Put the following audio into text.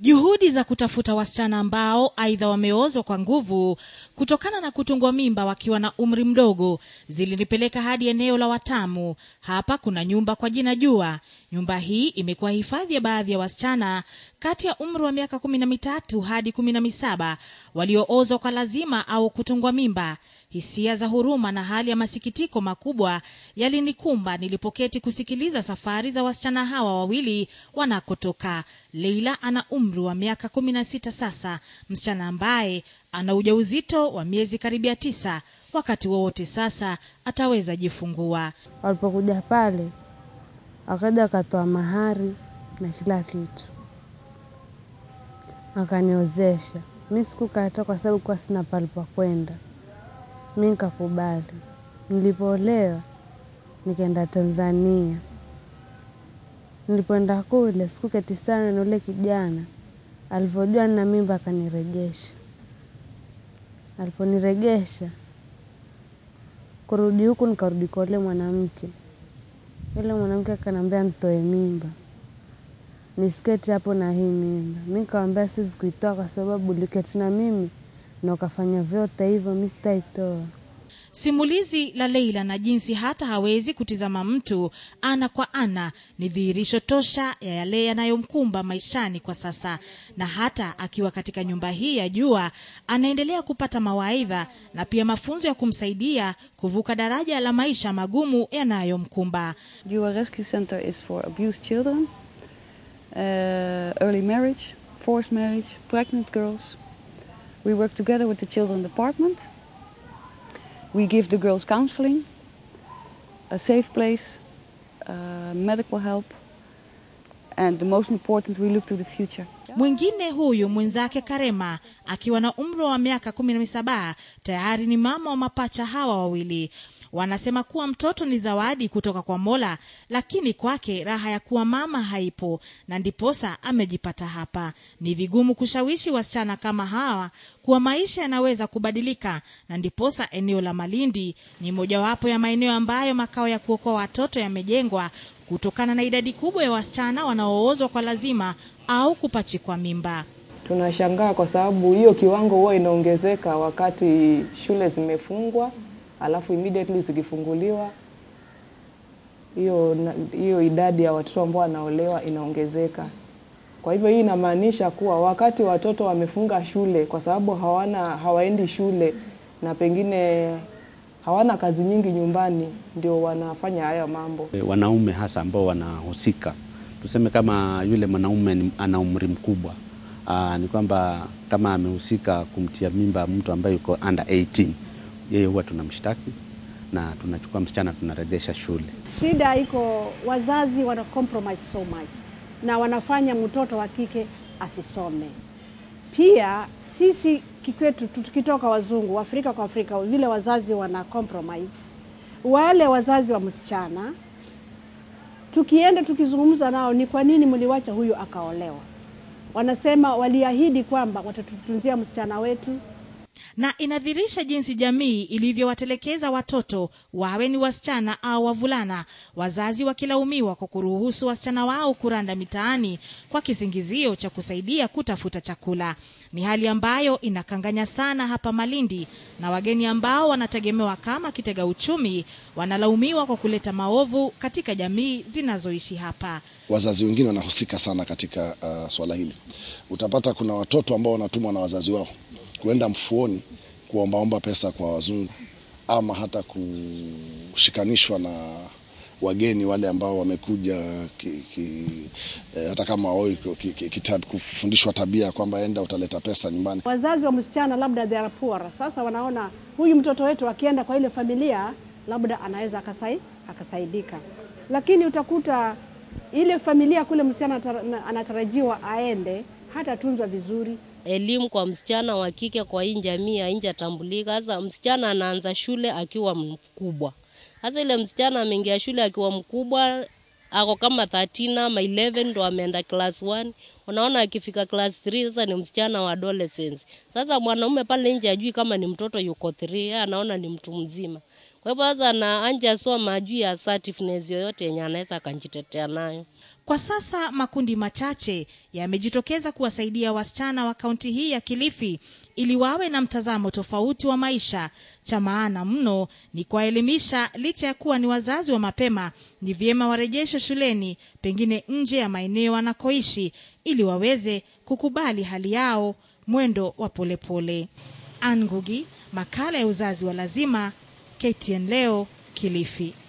Juhudi za kutafuta wasichana ambao aidha wameozwa kwa nguvu kutokana na kutungwa mimba wakiwa na umri mdogo zilinipeleka hadi eneo la Watamu. Hapa kuna nyumba kwa jina Jua. Nyumba hii imekuwa hifadhi ya baadhi ya wasichana kati ya umri wa miaka kumi na mitatu hadi kumi na misaba walioozwa kwa lazima au kutungwa mimba. Hisia za huruma na hali ya masikitiko makubwa yalinikumba nilipoketi kusikiliza safari za wasichana hawa wawili wanakotoka. Leila ana umri umri wa miaka kumi na sita sasa, msichana ambaye ana ujauzito wa miezi karibia tisa, wakati wowote sasa ataweza jifungua. Walipokuja pale, akaja akatoa mahari na kila kitu, akaniozesha. Mi sikukataa kwa sababu kuwa sina pale pa kwenda, mi nkakubali Nilipoolewa nikaenda Tanzania. Nilipoenda kule keti sana na ule kijana Alivyojua nina mimba akaniregesha. Aliponiregesha kurudi huku nikarudi kwa yule mwanamke. Yule mwanamke akanambia nitoe mimba, nisketi hapo na hii mimba. Mi nikamwambia siwezi kuitoa kwa sababu uliketi na mimi na ukafanya vyote hivyo, mi sitaitoa. Simulizi la Leila na jinsi hata hawezi kutizama mtu ana kwa ana ni dhihirisho tosha ya yale yanayomkumba maishani kwa sasa, na hata akiwa katika nyumba hii ya jua anaendelea kupata mawaidha na pia mafunzo ya kumsaidia kuvuka daraja la maisha magumu yanayomkumba. Jua Rescue Center is for abused children, uh, early marriage, forced marriage, pregnant girls. We work together with the children department. We give the girls counseling, a safe place, uh, medical help, and the most important, we look to the future. Mwingine huyu mwenzake Karema akiwa na umri wa miaka kumi na saba tayari ni mama wa mapacha hawa wawili. Wanasema kuwa mtoto ni zawadi kutoka kwa Mola, lakini kwake raha ya kuwa mama haipo, na ndiposa amejipata hapa. Ni vigumu kushawishi wasichana kama hawa kuwa maisha yanaweza kubadilika, na ndiposa eneo la Malindi ni mojawapo ya maeneo ambayo makao ya kuokoa watoto yamejengwa kutokana na idadi kubwa ya wasichana wanaoozwa kwa lazima au kupachikwa mimba. Tunashangaa kwa sababu hiyo kiwango huwa inaongezeka wakati shule zimefungwa alafu immediately zikifunguliwa hiyo hiyo idadi ya watoto ambao wanaolewa inaongezeka. Kwa hivyo hii inamaanisha kuwa wakati watoto wamefunga shule kwa sababu hawana hawaendi shule na pengine hawana kazi nyingi nyumbani, ndio wanafanya hayo mambo. Eh, wanaume hasa ambao wanahusika, tuseme kama yule mwanaume ana umri mkubwa ah, ni kwamba kama amehusika kumtia mimba mtu ambaye yuko under 18 yeye huwa tunamshtaki na tunachukua msichana tunarejesha shule. Shida iko wazazi wana compromise so much na wanafanya mtoto wa kike asisome. Pia sisi kikwetu tukitoka wazungu, Afrika kwa Afrika, vile wazazi wana compromise, wale wazazi wa msichana tukienda tukizungumza nao, ni kwa nini mliwacha huyu akaolewa? Wanasema waliahidi kwamba watatutunzia msichana wetu na inadhirisha jinsi jamii ilivyowatelekeza watoto wawe ni wasichana au wavulana, wazazi wakilaumiwa kwa kuruhusu wasichana wao kuranda mitaani kwa kisingizio cha kusaidia kutafuta chakula. Ni hali ambayo inakanganya sana hapa Malindi, na wageni ambao wanategemewa kama kitega uchumi wanalaumiwa kwa kuleta maovu katika jamii zinazoishi hapa. Wazazi wengine wanahusika sana katika uh, swala hili. Utapata kuna watoto ambao wanatumwa na wazazi wao kuenda mfuoni kuombaomba pesa kwa wazungu ama hata kushikanishwa na wageni wale ambao wamekuja ki, ki, e, hata kama wao ki, ki, ki, kufundishwa tabia kwamba enda utaleta pesa nyumbani. Wazazi wa msichana labda they are poor, sasa wanaona huyu mtoto wetu akienda kwa ile familia labda anaweza akasai, akasaidika, lakini utakuta ile familia kule msichana anatarajiwa aende hatatunzwa vizuri. Elimu kwa msichana wa kike kwa hii jamii haijatambulika. Sasa msichana anaanza shule akiwa mkubwa. Sasa ile msichana ameingia shule akiwa mkubwa, ako kama 13 ama 11 ndo ameenda class 1 Unaona, akifika class 3 sasa ni msichana wa adolescence. Sasa mwanaume pale nje ajui kama ni mtoto yuko 3, yeye anaona ni mtu mzima. Kwa hivyo sasa na anja soma ajui assertiveness yoyote yenye anaweza akajitetea nayo. Kwa sasa makundi machache yamejitokeza kuwasaidia wasichana wa kaunti hii ya Kilifi ili wawe na mtazamo tofauti wa maisha. Cha maana mno ni kuwaelimisha, licha ya kuwa ni wazazi wa mapema, ni vyema warejeshwe shuleni, pengine nje ya maeneo wanakoishi, ili waweze kukubali hali yao mwendo wa polepole. angugi makala ya uzazi wa lazima, KTN leo, Kilifi.